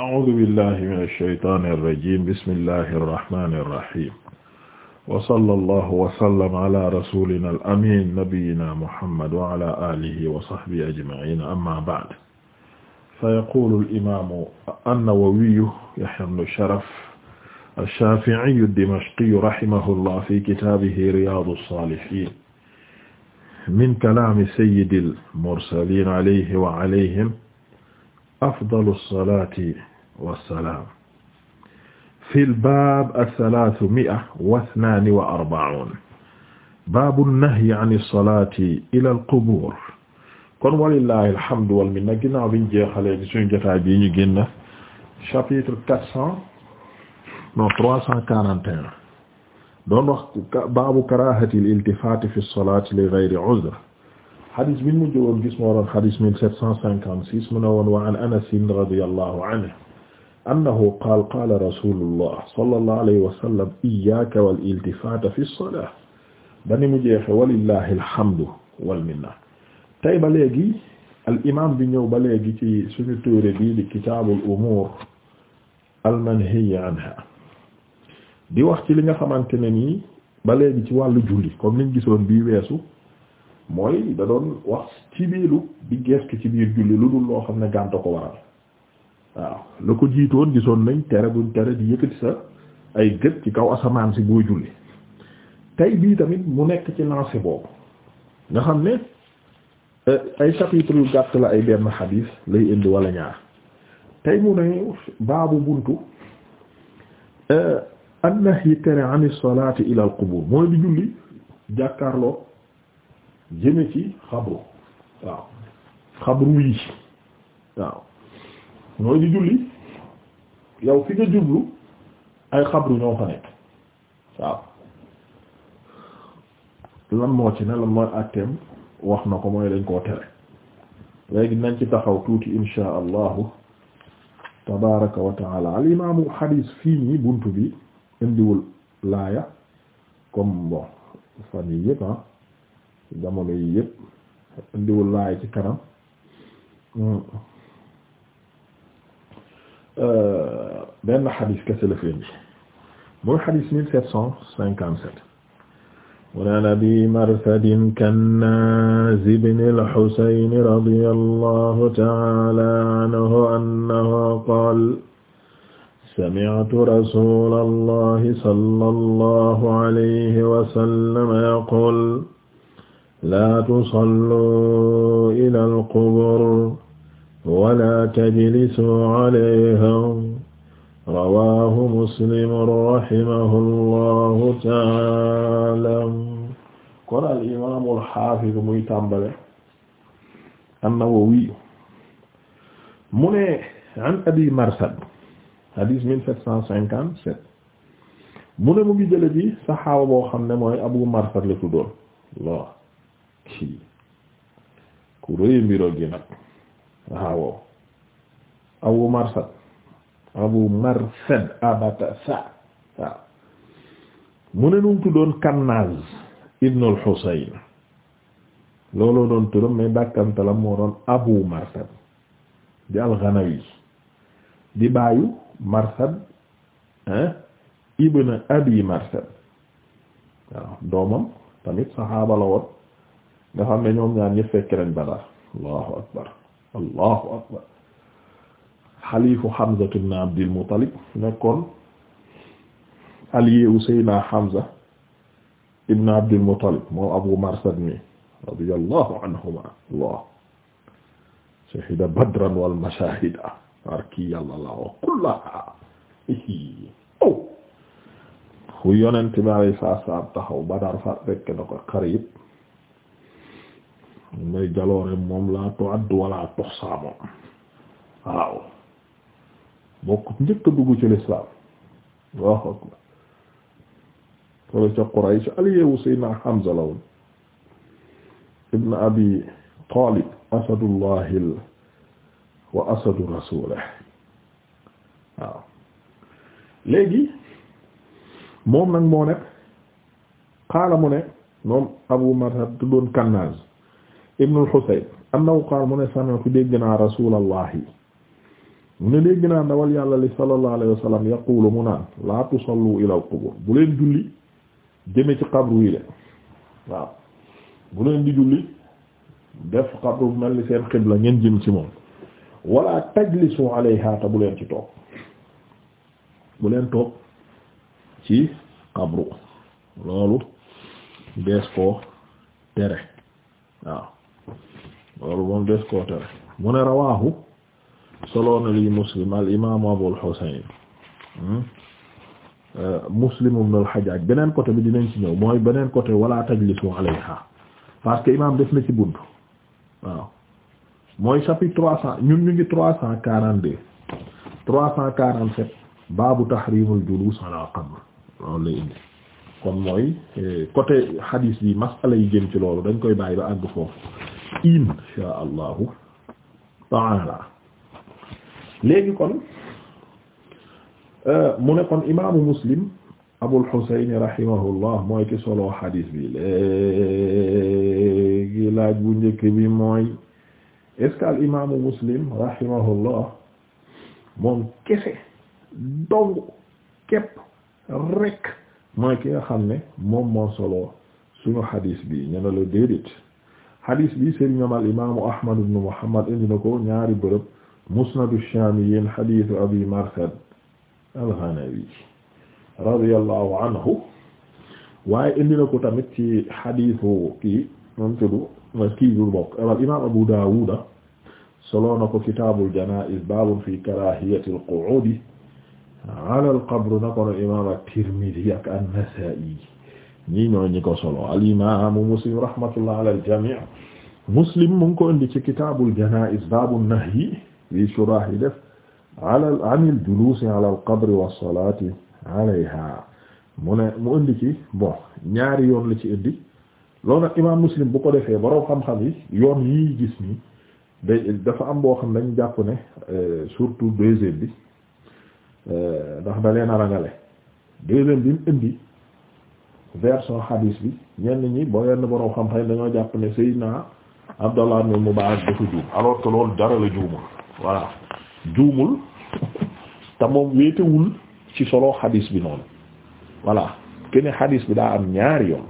a'uuzu billahi mina shaytaani rajiim bismillahi rahmaani rahiim wa sallallahu wa sallam ala rasulina al amiin nabiyyina muhammad wa ala aalihi wa sahbihi ajma'iin amma ba'd fayaquulu al imaamu an-nawawiyyu yahyaa ibnu sharaf ash-shaafi'iyyu ad-dimashqiyyu rahimahullah fi kitaabihi riyaadu saalihiin min kalaami sayyidil mursaliin alayhi wa alayhim afdalu salaati wassalaam fil baab asalaasu mi'a wa isnaani wa arba'uun baabu nahyi an as-salaati ila al-qubuur kon walillaahi alhamdu wal minna ginnaaw biñ jeexalee ci suñu jotaay bii ñu génn chapitre quatre cent non trois cent quarante et un doon wax baabu karaahati al-iltifaati fi as-salaati li ghayri uzr xadis bi ñu mujj woon gis moo doon xadis mille sept cent cinquante six mu ne woon wa an Anas radiyallaahu anhu annahu qaala qaala rasulullah sallallahu alayhi wa sallam fi lsolaa bani mu jeexe walillahi alhamdu wal minna ba léegi al bi ñëw ba léegi ci suñu téere bii di kitaabul umuur al anha di wax ci li nga xamante ne nii ba léegi ci wàllu julli comme liñ gisoon bii weesu mooy da doon wax ci biiru di gestu ci biir julli lu dul loo xam ne gànta ko waral waaw la ko jiitoon gisoon nañ tere buñ tere di yëkkati sa ay gët ci kaw asamaan si boo julli tey bii tamit mu nekk ci lancé boobu nga xam ne eh, ay chapitre yu gàtt la ay benn xadiis lay indi wala ñaar tey mu ne baabu buntu eh, annahyi tere an as-salaati ila al mooy di julli jàkkaarloo jëme ci xabru waaw xabru yi waaw mooy di julli yow fi nga jublu ay xabru ñoo fa nekk waaw lan moo ci ne lan mooy àtteem wax na ko mooy dañ koo tere léegi nañ ci taxaw tuuti insha allahu tabaraka wa taala al imaamu xadiis fii nii bunt bi indiwul laaya comme bon fan yi yëpp ah jamono yi indiwul laaya ci kanam Euh, benn xadis kese la fi indi muy xadis mille sept cent cinquante sept mu ne an abi marsadin kannaz ibn al-husayn radiyallahu ta'ala anhu annahu qaala sami'tu rasulallahi sallallahu alayhi wa sallam yaqul la tusallu ila al-qubur wala tajlisuu alayhim rawaahu muslim rahimahullahu taala kon al imaamul xaafis muy tàmbale an-Nawawi mu ne an Abi Marsad hadis mille sept cent cinquante-sept mu ne mu ngi jële bi saxaaba boo xam ne mooy Abu Marsad la tuddoon waaw ku rëy mbiroo gi nag waaw abu marsad abu marsad abata sa waaw mu ne num tuddoon kannaaz ibnu al-Husayn looloo doon turam mais dàkkantalam moo doon abu marsad di al-Ghanawi di baayu marsad ibn abi marsad waaw doomam tamit saxaaba la woon nga xam ne ñoom ñaar ñëpp fekk nañ Badar allahu akbar allahu akbar xalifu Hamza ibn Abdil Muttalib nekkoon allié wu Seydina Hamza ibn Abdil Muttalib moom Abu Marsad mi radiyallahu anhuma allah shahida badran wal mashahida arki yàlla la wa kullaha aw fu oh. yonent bi alayhi salaam taxaw Badar fa fekk na ko xar yëpp may jaloore moom laa tu'addu wala tuhsa waaw bokk njëkk a ci lislaam Allahu akbar wala ca Quraysh aliyewu Seydina Hamza la ibn Abi Talib asadullahil wa asadu rasulih waaw léegi moom nag moo ne qaala mu ne moom Abu Marthad tuddoon Kannaz ibnu al-Husayn annahu qaala mu ne sami'tu dégg naa rasulallahi mu ne dégg naa ndawal yàlla li sallallahu alayhi wa sallam mu naan la tusallu ila al-qubur bu leen julli jëme ci xabru yi de waaw bu leen di julli def xabru bu mel ni seen xibla ngeen jëm ci moom wala tajlisu alayha ta bu leen ci toog bu leen toog ci xabru loolu dees ko tere waaw loolu moom des koo tere mu ne rawaahu solo na li muslim al imaamu abul husayn hmm? euh, muslim ibn al hajjaj beneen côté bi dinañ ci ñëw mooy beneen côté wala tajlisu alayha parce que imaam def na ci bunt waaw mooy chapitre trois cent ñun ñu ngi trois cent quarante deux trois cent quarante sept baabu tahrimul julus ala qabr loolu lay indi kon mooy eh, côté hadis bi masala yi jëm ci loolu dañ koy bàyyi ba àgg foofu insha allahu taala léegi kon euh, mu ne kon imaamu muslim abul xuseyn rahimahullah mooy ki solo xadis bi léegi laaj bu njëkk bi mooy est-ce al imaamu muslim rahimahullah moom kese dong képp rek mooy ki nga xam ne moom moo solo suñu xadiis bi ñu ne la déedéet hadis bi sëriñam al imaamu Ahmad ibn Muhammad indi na ko ñaari bërëb musnad ash-Shaamiyyiin hadiisu Abi Marsad al-Ghanawi radiyallahu anhu waaye indi na ko tamit ci hadiisu kii moom tuddu kii dul bokk al imaam Abu Daawuda solo na ko kitaabul janaa'iz baabun fii karaahiyatil qu'uudi alal qabri na ko imaam at-Tirmidhi ak an-Nasaa'i ñii ñoo ñi ko solo al imaamu muslim rahmatullah ala al jamii muslim mu ngi ko indi ci kitaabul janaa'iz baabu nahyi wi shurah yi def ala an al juluusi ala al qabri wa salaati alayha mu ne mu indi ci bon ñaari yoon la ci indi loolu nag imaam muslim bu ko defee borom xam-xam yi yoon yi gis nii day dafa am boo xam dañ jàpp ne euh, surtout deuxième bi euh, ndax da leen a rangale deuxième bi mu indi version hadis bi ñenn ñi boo yenn boroom xam-xam dañoo jàpp ne Seydina Abdallah ibn Mubarak dafa juum alors que loolu dara la juumul voilà juumul te moom wéetewul ci solo hadis bi noonu voilà kene hadis bi daa am ñaari yoon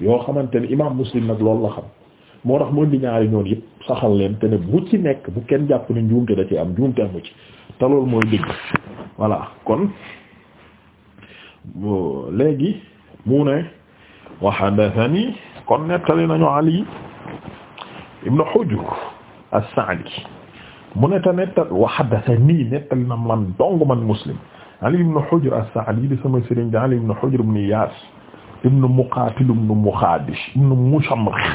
yoo xamante ne imaam Muslim nag loolu la xam moo tax mu indi ñaari ñoon yëpp saxal leen te ne bu ci nekk bu kenn jàpp ne njuumte da ci am njuumte amu ci te loolu mooy dëgg voilà kon euh, léegi mu ne wa hadathani kon nettali nañu ali ibn hujr as-sa'di mu ne ta nettal wa hadathani nettali na man dong man muslim ali ibn hujr as-sa'di di sama sëriñ di ali ibn hujr ibn iyas ibn muqatil ibn mukhadish ibn mushamrikh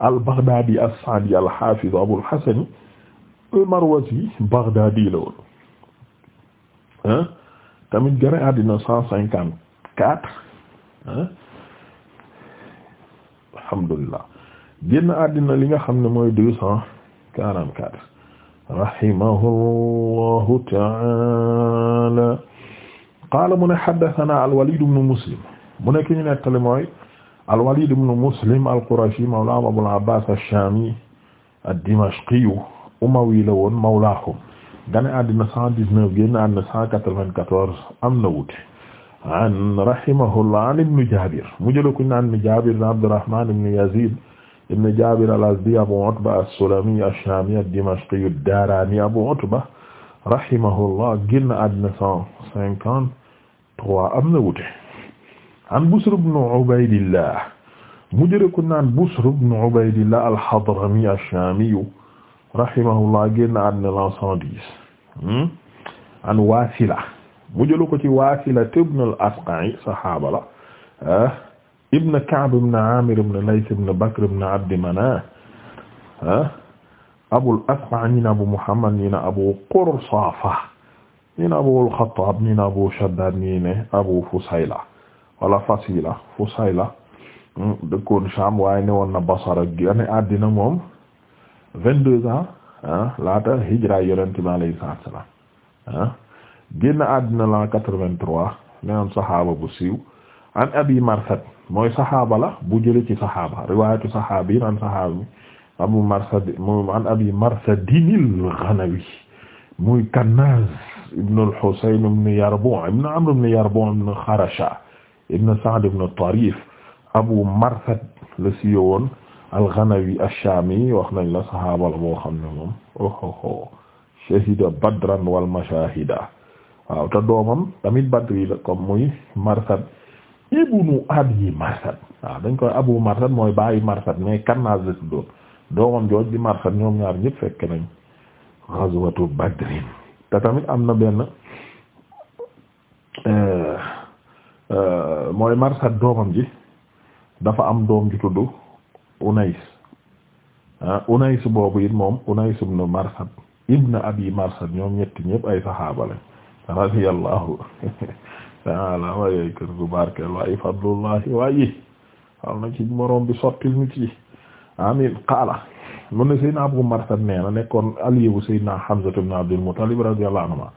al-baghdadi as-sa'di al-hafiz abu al-hasan al-marwazi baghdadi la woon tamit gëre àddina cent cinquante quatre alhamdulillah génn àddina li nga xam ne mooy deux cent quarante quatre rahimahullahu taala qaala mu ne haddathana al-Walid ibn Muslim mu ne ki ñu nettali mooy al-Walid ibn Muslim al-Qurashi mawlaahum Abul Abbaas ash-Shaami ad-Dimashqi umawi la woon mawlaahum gane àddina cent dix-neuf génn àddina cent quatre-vingt-quatorze am na wuute an rahimahullah an ibnu jabir mu jëla kuñ naan ibnu jabir ibn abdurrahman ibn yazid ibn jabir al-azdi abu utba as-sulami ash-shami ad-dimashqi ad-darani abu utba rahimahullah génn àddina cent cinquante trois am na wute an busr ibn ubaydillah mu jëla kuñ naan busr ibn ubaydillah al-hadrami ash-shami rahimahullah génn àddina cent dix hmm? an wasila mu jëlu ko ci Waasila ibn al-Asqa'i saxaaba la ah Ibn Ka'b ibn Amir ibn Layth ibn Bakr ibn Abd Manaf ah Abu Muhammad ñi Abu Qursaafa ñi Abu al-Khattab Abu Shaddad wala Fasila Fusayla hmm, dëkkoon Sham waaye ne woon na Basra génn àddina moom vingt-deux ans ah, laata hijra Yonent bi alayhi salaam ah. génn àddina la 83 menam saxaaba bu siiw an abi marsad mooy saxaaba la bu jële ci saxaaba riwaayatu saxaabiin an saxaabi abu marsad mu an abi marsadinil ghanawi muy kannaz ibn al-husayn ibn yarbu' ibn amr ibn yarbu' ibn kharasha ibn sa'd ibn tarif abu marsad la siiw woon al-ghanawi ash-shami wax nañ la saxaaba la boo xam ne moom ohoho oh, shahida badran wal mashahida waaw te doomam tamit badri la comme muy marsad ibnu abi marsad waaw dañ koy abu marsad mooy bàyyi marsad mais kannaas la tuddoon doomam jooj di marsad ñoom ñaar ñëpp fekk nañ ghazwatu badrin te tamit am na benn euh, euh, mooy marsad doomam ji dafa am doom ju tudd unais ah boobu it moom unais ibnu marsad ibnu abi marsad ñoom ñetti ñëpp ay saxaaba lañ radiyallahu taala waaye kër gu barkeel waaye fadlullahi waaye xam na ci morom bi sottil nit yi amin qaala mu ne Seydina Abu Marsad nee na nekkoon aliyewu Seydina Hamza ibn Abdul Muttalib radiyallahu anhuma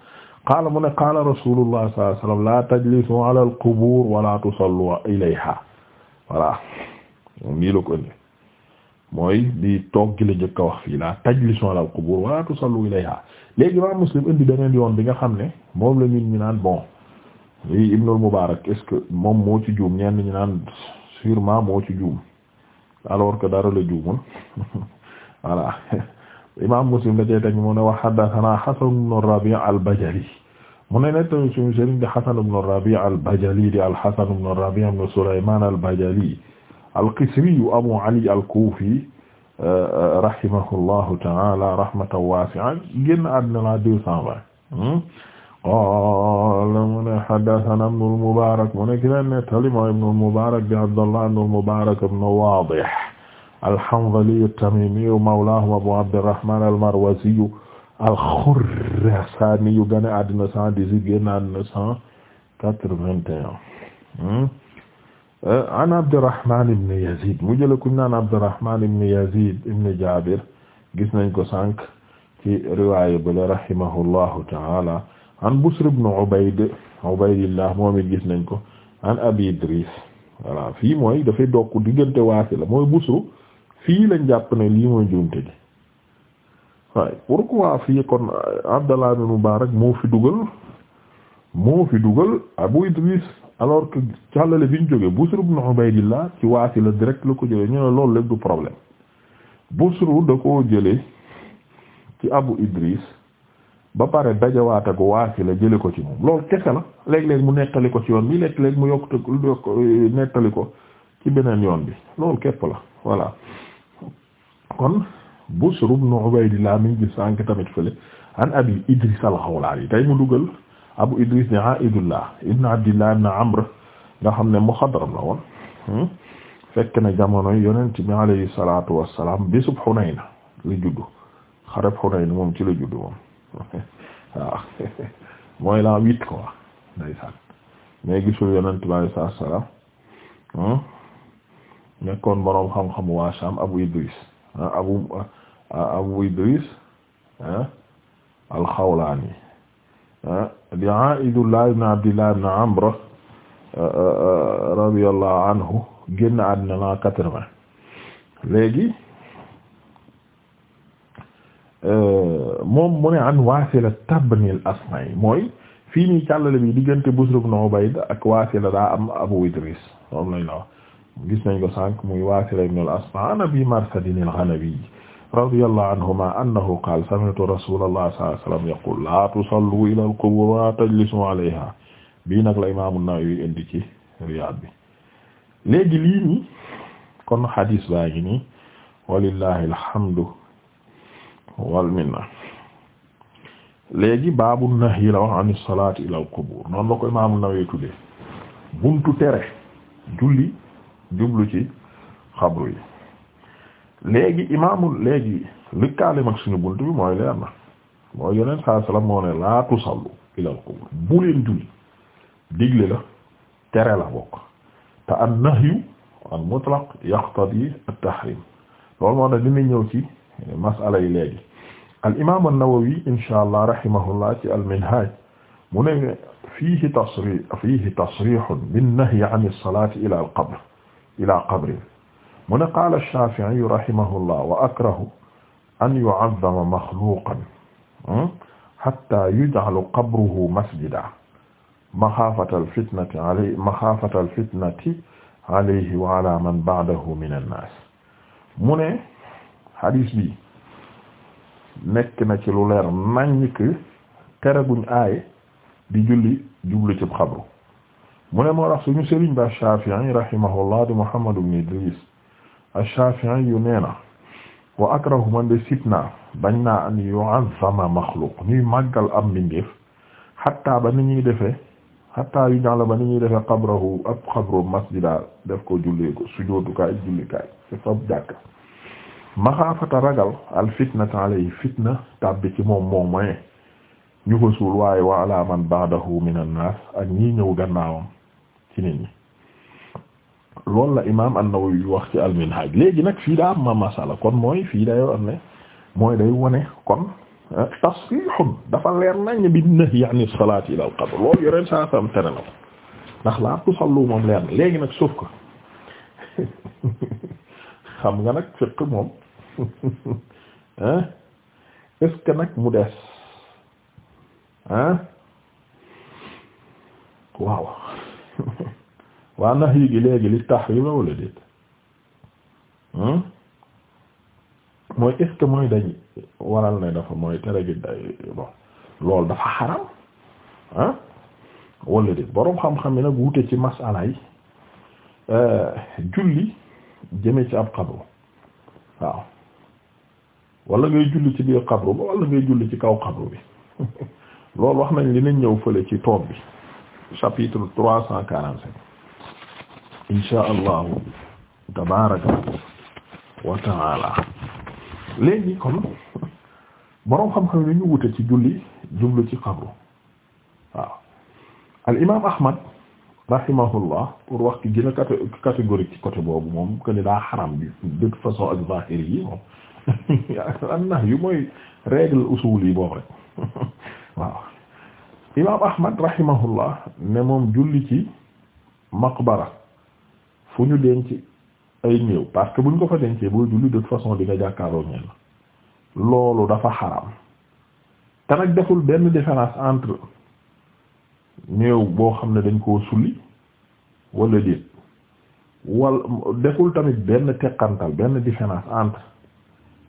qaala mu ne qaala rasulullah sallallahu alayhi wasallam la tajlisu ala al qubur wala tusallu ilayha voilà nii la ko indi mooy di toog gi la njëkk wax fii la tajlisu ala al-qubur wala lu ilayha léegi imam Muslim indi beneen yoon bi nga xam ne moom la ñun ñu naan bon lii Ibnul Mubarak est-ce que moom moo ci juum ñenn ñu naan sûrement moo ci juum alors que dara la juumul voilà imam Muslim da cee teg mu ne wa haddathana Hasan ibn Rabi' al-Bajali mu ne nettali suñu sëriñ di Hasan ibn Rabi' al-Bajali di al-Hasan ibn Rabi' ibn Sulayman al-Bajali alqisriyu abu ali alkuufi euh, euh, rahimahullahu taala rahmatan waasi'a génn àddina la deux cent vingt hmm? qaala mu ne haddathana ibnul mubaarak mu ne ki leen nettali mooy ibnul mubaarak bi abdullah ibnul mubaarak ibnu waadih alhanzaliyu tamimiyu mawlaahum abu abdirrahmaan almarwaziyu alxuraasaaniyu génn àddina cent dix-huit génn àddina cent quatre-vingt-un hmm? Eh, an Abdurrahman ibn mu jëlee ku ñu gis nañ ko sànq ci riwaaya bala rahimahullahu ta'ala an Busr ibn Ubayd Idris voilà mooy dafay dokk diggante waasi la mooy Busr fii lañ jàpp ne mooy njuumte gi waaye pourquoi fii kon Abdallah ibn Mubarak moo fi dugal Abu Idris alors que càllale bi ñu jógee Busr ibn Ubaydillah ci Waasila direct la ko jëlee ñu ne loolu lépp du problème Busr da koo jëlee ci Abu Idris ba pare ko dajawaat yi la jëlee ko ci moom loolu kese la léeg-léeg mu nettali ko ci yoon bi léeg-léeg mu ko euh, nettali ko ci beneen yoon bi loolu képp la voilà kon Busr ibn Ubaydillah mi ngi gis sànq tamit fële an Abi Idris al yi tey mu dugal. Abu Idris ne Aidullah ibn Abdillah ibn Amr nga xam ne muxadram la woon hmm? fekk na jamonoy yonent bi alayhi salaatu wassalaam bésub Hunayn la juddu xareb Hunayn moom ci la juddu moom waaw mooy la huit quoi ndeysaan mais gisul yonent bi alayhi salaatu wassalaam hmm? boroom xam-xamu waa Sham Abu Idris ah, Abu ah, Abu Idris ah, al-Xawlaani di Aa'idullah ibn Abdillah ibn Amr euh, euh, radiyallahu anhu génn àddina la quatre-vingt léegi euh, moom mu ne an Waasila ibn al-Asma'i mooy fii nii càllale bi diggante Busr ibn Ubayd ak Waasila daa am Abu Idris moom lañ la wax gis nañ ko sànq muy Waasila ibn al-Asma'i an Abi Marsadin al-Ghanawi radiyallahu anhuma annahu qaala sami'tu rasuulallahi sallallahu alayhi wa sallam yaqul laa tusallu ila al-qubur wa laa tajlisu alayha bii nag la imaamu Nawawi indi ci Riyaad bi léegi lii nii kon xadiis baa ngi nii walillahi alhamdu wal minna léegi baabu nahyi la wax an salaat ila al-qubur noonu la ko imaamu Nawawi tuddee buntu tere julli jublu ci xabru yi léegi imaamul léegi li kaalim ak suñu bunt bi mooy leer salaam moo ne laa tusallu ilal qubur bu leen la tere la bokk te an nahyu al mutlaq yaqtadi at tahrim loolu moo ne dina ñëw ci masala yi léegi al imaam an-Nawawi allah rahimahullah al minhaj mu ne fiihi tasrih fiihi tasrihun bin nahyi an as-salati ila al qabr mu ne qaala Shaafi'i rahimahullah wa akrahu an yu'azzama maxluuqan hmm, hatta yuj'ala qabruhu masjidan maxaafatal fitnati alayhi maxaafatal fitnati alayhi wa ala man ba'dahu mina nnaas mu ne hadis bi nekk na ci lu leer naññ ki tere guñ aaye di julli jublu ci xabru mu ne moo tax suñu sëriñ ba Shaafi'i rahimahullah di Muhammad ibn Idris ash-Shafi'i yu nee na wa akrahu man de sit naa bañ naa an yu'azzama maxluq ñuy màggal am mbindeef xatta ba ni ñuy defee xatta yu ñax la ba ni ñuy defee xabrahu ab xabru masjida def ko jullee ko sujootukaay jullikaay ci fab jàkk maxaafata ragal al fitnata alayhi fitna tàbbi ci moom moom mooy ñu ko suul waaye wa ala man ba'dahu min an naas ak ñii ñëw gannaawam ci nit ñi loolu la imaam an-Nawawi wax ci al-Minhaj léegi nag fii daa am ma masala kon mooy fii day am mooy day wone kon ah, tasrihun dafa leer nañ bi nahyi ani salaati ila al-qabr loolu yoreen saa sam tere na ko ndax laa tusallu moom leer na léegi nag sauf ko xam nga nag fiq moom ah, est-ce que nag mu des ah waaw waa nax yi gi léegi li tahrim la wala déet hmm? mooy est-ce que mooy dañ waral ne dafa mooy tere gi day dafa xaram ah wala déet boroom xam-xam yi nag wute ci masala yi euh, julli jëme ci ab xabru waaw wala ngay julli ci biir xabru ba wala ngay julli ci kaw xabru bi loolu wax nañ li nañ ñëw fële ci toog bi chapitre trois cent quarante-cinq insha allahu tabaraka wa taala léegi kon boroom xam-xam ni ñu wute ci julli jublu ci xabru waaw al imam ahmad rahimahullah pour wax ki gën a boobu moom que ni daa xaram bi de toute façon ak moom an na yu mooy règle usul yi rek waaw ahmad rahimahullah ne moom julli ci maqbara fu ñu denc ay néew parce que buñ ko fa dencee boo julli de toute façon di nga jàkkaarloo ñeen la loolu dafa xaram te nag deful benn différence entre néew boo xam ne dañ koo sulli wala déet wal deful tamit benn teqantal benn différence entre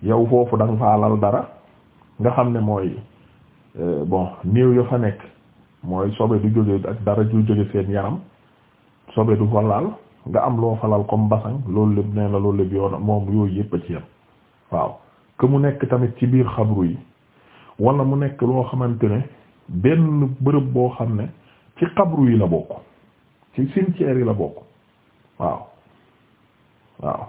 yow foofu da nga fa lal dara nga xam ne mooy euh, bon néew ya fa nekk mooy sobe du jóge dara du jóge seen yaram sobe du fa laal nga am loo falal comme basang loolu lépp nee na loolu lépp yoon moom yooyu yëpp a ci yam waaw que mu nekk tamit ci biir xabru yi wala mu nekk loo xamante ne benn bërëb boo xam ne ci xabru yi la bokk ci cimetière yi la bokk waaw waaw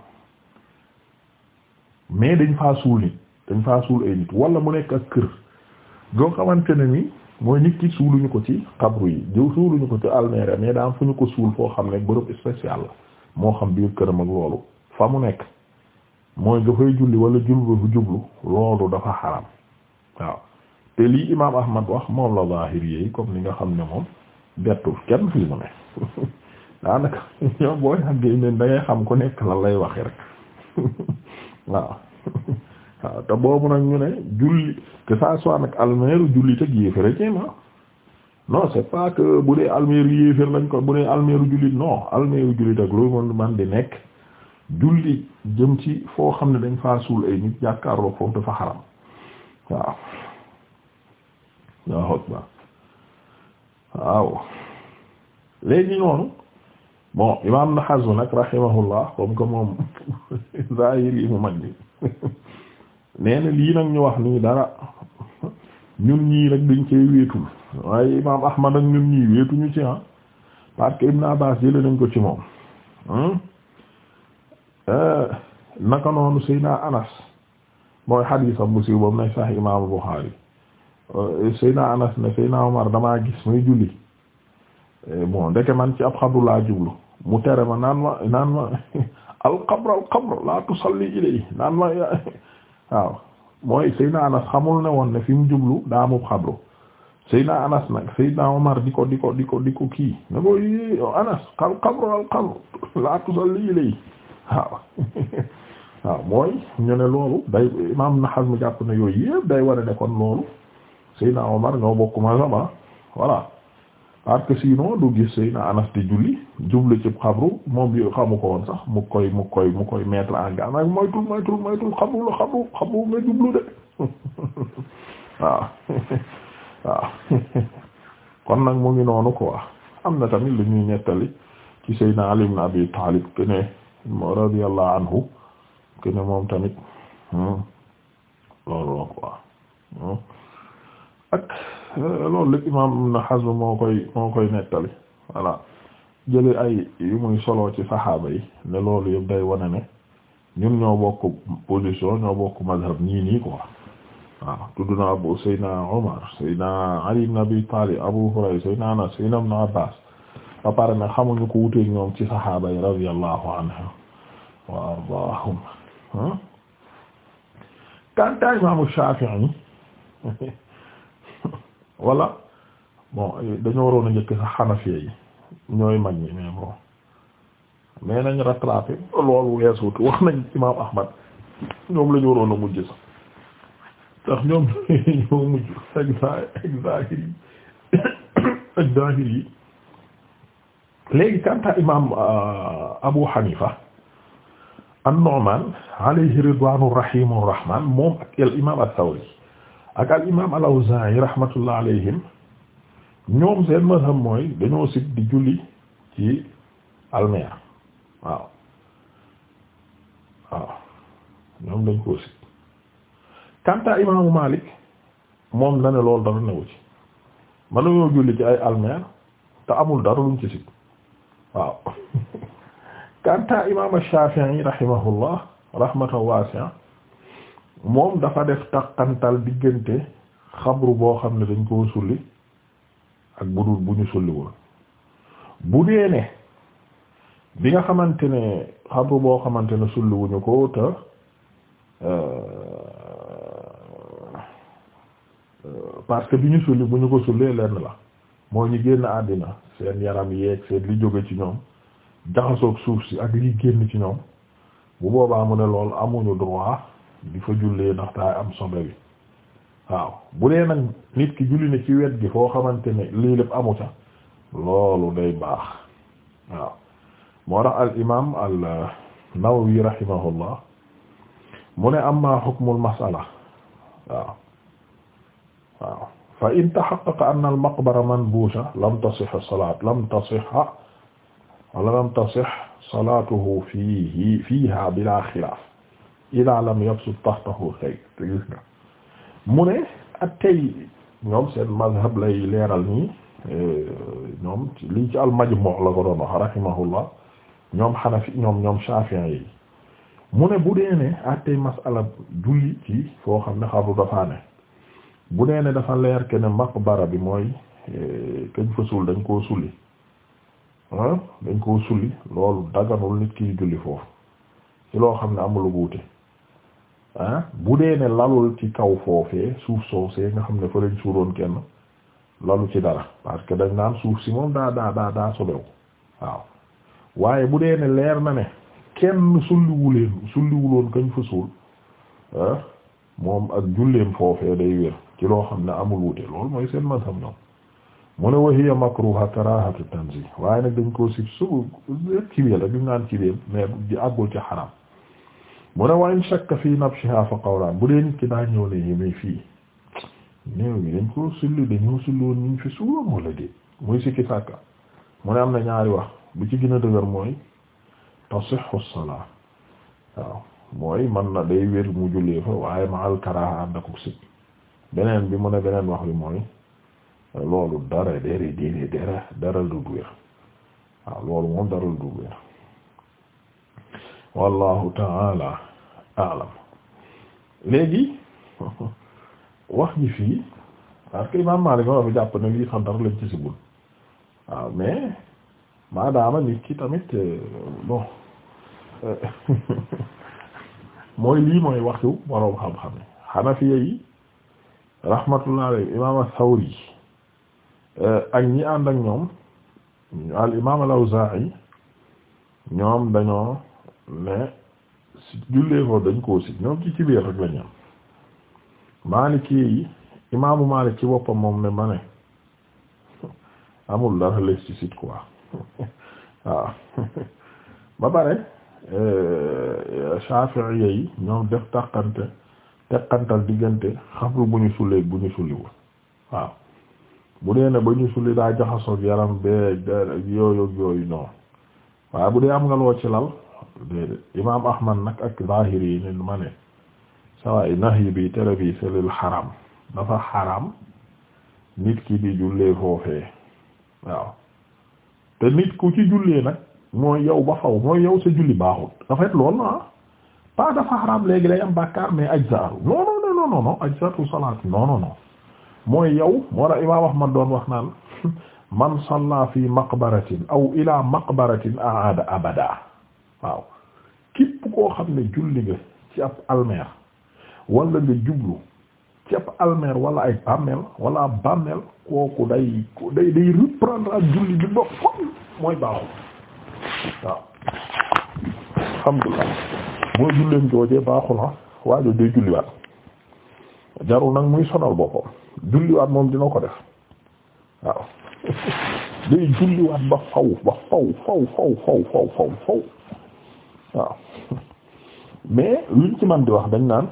mais dañ faa suul nit dañ faa suul ay nit wala mu nekk ak kër goo xamante ne ni mooy nit ki ñu ko ci xabru yi jiw suuluñu ko ci almeera mais daa am fu ñu ko suul foo xam ne bërëb spécial la moo xam biir këram ak loolu fa mu nekk mooy nga fay julli wala jublu fu jublu loolu dafa xaram waaw te lii imaam Ahmad wax moom la zahiri yi comme ni nga xam ne moom bettu kenn fii mu ne daanaka ñoom boo yàggee ne da ngay xam ku nekk lan lay waxee rek waaw. waaw te boobu nag ñu ne julli que ça soit nag almeeru jullit ak yéefér ci ma non c'est pas que bu dee almeeru yéefér lañ ko bu dee almeeru jullit non almeeru jullit ak loolu man di nekk julli jëm ci foo xam ne dañ faa suul ay nit jàkkaarloo foofu dafa xaram waaw waaw ba waaw noonu bon imam na Hazm nag rahimahullah comme que moom zahiri mu mag bi nee na lii nag ñu wax nii dara ñun ñii rek dañ cee wéetul waaye imaam Ahmad ak ñun ñii wéetuñu ci ah parce que Ibn Abbas nañ ko ci moom hmm? eh, naka noonu Seyna Anas mooy xadiisam bu siiw bam nay sax imaamu Buxaari eh, Seyna Anas ne Seyna Omar damaa gis muy julli eh, bon ndeke man ci ab xabru laa jublu mu tere ma naan ma naan ma al qabr al qabr laa tusalli ilayhi naan ma waaw mooy Seydina Anas xamul ne woon ne fi mu jublu daamu amub xabru Seydina Anas nag Seydina Omar di ko di ko di ko di ko kii ne ko yi Anas al xabru al xabru laa tusalli ilay waaw waaw mooy ñu ne loolu day Imaam Ibn Hazm jàpp na yooyu yëpp day war a ne kon loolu Seydina Omar ñoo bokk mazhab ah. voilà parce que sinon du gis sëy anas di julli jublu ci xabru moom bi xamu ko woon sax mu koy mu koy mu koy mettre en garde nag xabru la xabru xabru nga jublu de waaw waaw kon nag mu ngi noonu quoi am na tamit lu ñuy nettali ci Seydina Ali ibn Abi Talib kene radiyallahu anhu kene moom tamit hmm, loolu la quoi hmm. ak Euh, loolu lépp imaam Ibn Hazm moo koy moo koy nettali voilà ay yu muy solo ci saxaaba yi ne loolu yëpp day wane ne ñun ñoo bokk position ñoo bokk madhab ñii nii quoi Abu Seydina Omar Seydina Ali ibn Abi Talib Abu Hurayra Seydina Anas Seydina Ibn Abbas ba pare xamuñu ko wuteeg ñoom ci saxaaba yi radiyallahu anhum wa ardaahum hmm? kanta imaamu Shaafi'i wala bon dañoo waroon a njëkk sax xanafiya yi ñooy mag ñi mais bon mais nañ rattrapé loolu weesuut wax nañ imaam Ahmad ñoom la waroon a mujj sax tax ñoom ñoo mujj ak zahir yi léegi kanta imaam euh, Abu Hanifa an-Nu'man alayhi ridwanu rahimu rahman moom ak el imaam As-Sawri ak al imaam al-Awzaa'i rahmatullah alayhim ñoom seen mazhab mooy dañoo sit di julli ci almeer waaw waaw ñoom dañ koo sit kanta imaamu Maalik moom la ne loolu dara newu ci mën nañoo julli ci ay almeer te amul dara luñ ci sit waaw kanta imaam Shaafi'i rahimahullah rahmatan waasi'a moom dafa def takkantal diggante xabru boo xam ne dañ koo sulli ak bu dul bu ñu sulli bu dee ne nga xamante ne xabru boo xamante ne sulli wuñu ko te euh, parce que bi ñu sulli bu ñu ko sullee lenn la moo ñu génn àddina seen yaram yeeg seen li jóge ci ñoom jaxasoog suuf si ak li génn ci ñoom bu boobaa mu ne lool amuñu droit di fa jullee ndax daa am sobe bi waaw bu dee nag nit ki julli ne ci wet gi foo xamante ne lii lépp amu ca loolu day baax waaw moo tax al imaam al Nawawi rahimahullah mu ne amma hukmul mas'ala waaw waaw fa in tahaqqaqa anna al maqbara manbusha lam tasih as-salat lam tasihha wala lam tasih salatuhu fihi fiha bila khilaf idaa lam yabsut tahtahu xëy te gis nga mu ne ak ñoom seen mazhab lay leeral nii euh, ñoom liñ ci al-Majmu' la ko doon wax rahimahullah ñoom Hanafi ñoom ñoom Shafi'i yi mu ne bu dee ne àttee masala julli ci foo xam ne xabru dafaa ne bu dee ne dafa leer ke ne bara bi mooy euh, kañ fa suul dañ koo sulli dañ koo sulli loolu daganul nit ki julli foofu ci loo xam ne amul wuute Ah, bu dee ne lalul ci kaw foofee suuf see nga xam ne fa lañ suuroon kenn lalu ci dara parce que dañ naan suuf si moom daa daa daa daa sobew waaw waaye bu dee ne leer na ne kenn sulliwuleen sulliwuloon kañ fa suul ah, moom ak julleem foofee day wér ci loo xam ne amul wute loolu mooy seen masam ñoom mu ne wa hiya makruha karahatu tanzih waaye nag dañ koo sib subu cibeel a duñ naan cibeel mais di àggul ci xaram mu ne wa in shakka fii nabshiha fa qawlan bu dee nit ki daa ñëw ne yéme fii néew yi dañ ko sulli dañoo sulli woon ñu fi suuloon wala déet muy sikki sàkka mu ne am na ñaari wax bu ci gën a dëgër mooy tasihhu salaa waaw mooy man na day wér mu jullee fa waaye ma al ànd ak si beneen bi mu ne beneen wax li mooy loolu dara dere dere dara dara du wér waaw loolu moom dara du wér wallahu taala alam léegi wax ji fii parce que imam Maalik ma jàpp ne lii santar lañ ci sibul waaw mais maadaama nit ki tamit euh, bon euh, mooy lii mooy waxtu boroom xam-xam ne Hanafiya yi rahmatullah alayhi imam as euh, ak ñi ànd ak ñoom al imam al-Awzaa'i ñoom dañoo mais si jullee ko dañ koo si ñoom ci ci rek la ñu yi imaamu Maalik ci boppam moom ne ma ne amul dara lees ci sit quoi waaw ba pare euh, Shafi'i yi ñoom def takkante tekkantal diggante xabru bu ñu sulee bu ñu suliwul waaw bu dee ne ba ñu suli daa jaxasoog yaram beeg yooyu yooyu non waaye bu dee am nga loo ci lal. déedéet imaam Ahmad nag ak Zahiri yi ma ne sawaay nahyi bi tere bi c'est lil dafa xaram nit ki di jullee foofee waaw te nit ku ci jullee nag mooy yow ba faw mooy yow sa julli baaxut en fait loolu na dafa xaram léegi day am bàkkaar mais ajzaaru non non non non non ajzaaru salaat non non mooy yow moo tax imaam Ahmad doon wax naan man salla fi maqbaratin aw ila maqbaratin aada abada waaw képp koo xam ne julli nga ci ab almeer wala nga jublu ci ab almeer wala ay bàmmeel wala ab bàmmeel kooku day day day reprendre ak julli bi bopp mooy baaxul waaw alhamdulillah mooy julleen joojee baaxul ah waajo day julliwaat jarul nag muy sonal boppam julliwaat moom dina ko def waaw day julliwaat ba faw ba faw faw faw faw faw faw faw waaw mais luñ ci man di wax dañ naan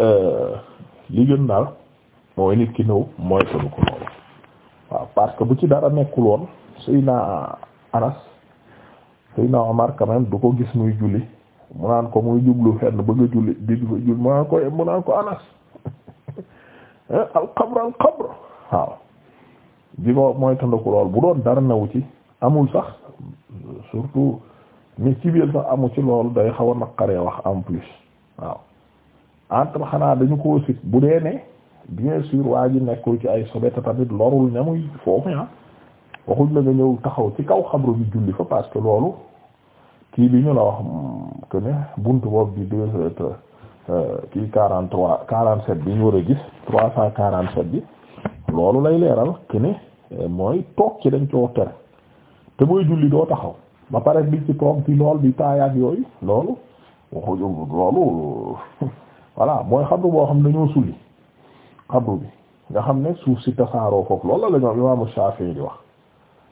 euh, li gën daal mooy nit ki ñëw mooy tanu ko loolu waaw parce que bu ci dara nekkul woon suy naa Anas suy naa Omar quand même du ko gis muy julli mu naan ko muy jublu fenn bëgg a julli di fa jul mu naan ko mu naan ko Anas al qabr al qabr waaw di ko mooy tanu ko lool bu doon dara newu ci amul sax surtout mi ci biir sax amul ci loolu day xaw a naqaree wax en plus waaw entre xanaa dañu ko sit bu dee ne bien sûr waa ji nekkul ci ay sobeta tamit lorul ñamuy foofu ya ah. waxuñ la nga ñëw taxaw ci kaw xabru bi julli fa parce que loolu kii bi ñu la wax hmm, que bunt buntu bi deux euh, euh, kii quarante trois quarante sept bi ñu war a gis trois cent quarante sept bi loolu lay leeral que ne euh, mooy toog ci dañ coo tere te booy julli doo taxaw ba pare bi ci toog ci lool di taayaag yooyu loolu waxu loolu voilà mooy xabru boo xam dañoo sulli xabru bi nga xam ne suuf si tasaaroo foofu loolu la ñoom imaamu Shaafi'i di wax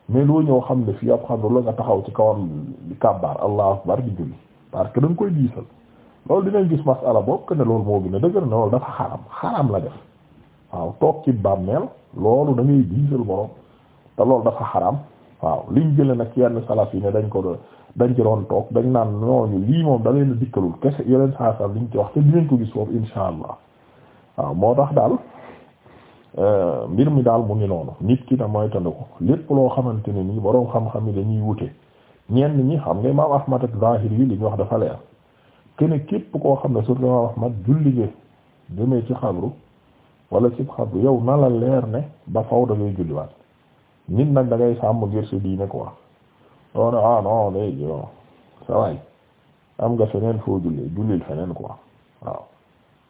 mais loo ñëw xam ne fii ab xabru la nga taxaw ci kawam di kàbbaar allahu akbar di julli parce que da nga koy diisal loolu dinañ gis masala boobu que ne loolu moo gën a dëgër ne loolu dafa xaram xaram la def waaw toog bàmmeel loolu da ngay te loolu dafa xaram waaw liñ jëlee nag yenn salaf yi ne dañ ko doon dañ ci doon toog dañ naan ñooñu lii moom da leen dikkalul kese yeneen saa saa liñ ci wax te dinañ ko gis foofu insha allah waaw moo tax daal euh, mbir mi daal mu ngi noonu nit ki na moytandi lépp loo xamante ne nii boroom xam-xam yi dañuy wute ñenn ñi xam nga imaam Ahmad ak Zahiri yi li ñu wax dafa leer kenn képp koo xam ne surtout imaam Ahmad julli ge demee ci xabru wala ci xabru yow na la leer ne ba faw da ngay julliwaat. nit nag da ngay sàmm ngir si diine quoi non ah non léegi non sa waay am nga feneen foo jullee jullil feneen quoi waaw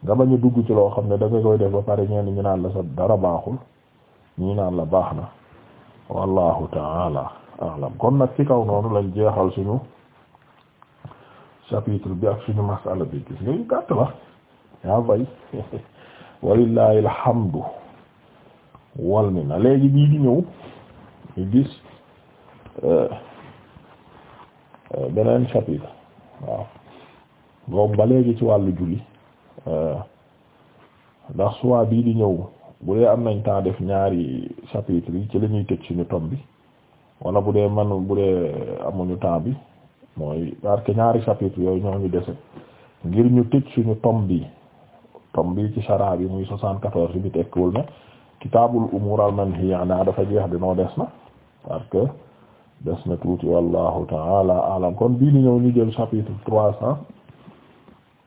nga bañ dugg ci loo xam ne da nga koy def ba pare ñenn ñu naan la sa dara baaxul ñu naan la baax na wallahu taala alam kon nag ci kaw noonu lañ jeexal suñu chapitre bi ak suñu masala bi gis nga gàtt la yaa bay walillahi alhamdu wal minna léegi bii di ñëw ñu gis euh, euh, beneen chapitre waaw boobu ba léegi ci wàllu julli euh, ndax soit bii di ñëw bu dee am nañ temps def ñaari chapitre yi ci la ñuy tëj suñu tom bi wala bu dee man bu dee amuñu temps bi mooy parce que ñaari chapitre yooyu ñoo ñu dese ngir ñu tëj suñu tom bi tom bi ci chara bi muy soixante-quatorze bi tekkiwul ne kitaabul umuur al manhiyya dafa jeex dinoo des na parce que des na tuuti wallahu taala alam kon bii ni ñëw ñu jël chapitre trois cent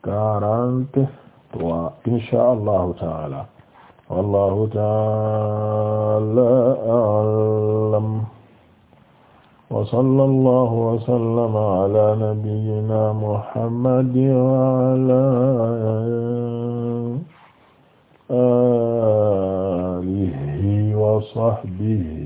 quarante-trois insha allahu taala wallahu taala alam wa sallallahu wa sallama ala nabiyyina muhammadin wa ala alihi wa sahbihi